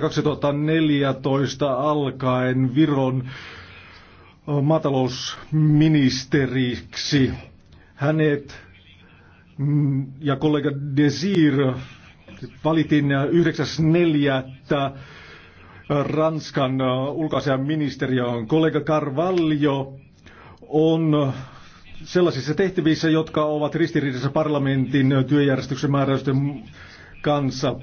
2014 alkaen Viron maatalousministeriksi. Hänet mm, ja kollega Desir valitin 9.4. Ranskan ministeriön Kollega Carvalho on sellaisissa tehtävissä, jotka ovat ristiriidassa parlamentin työjärjestyksen määräysten kanssa.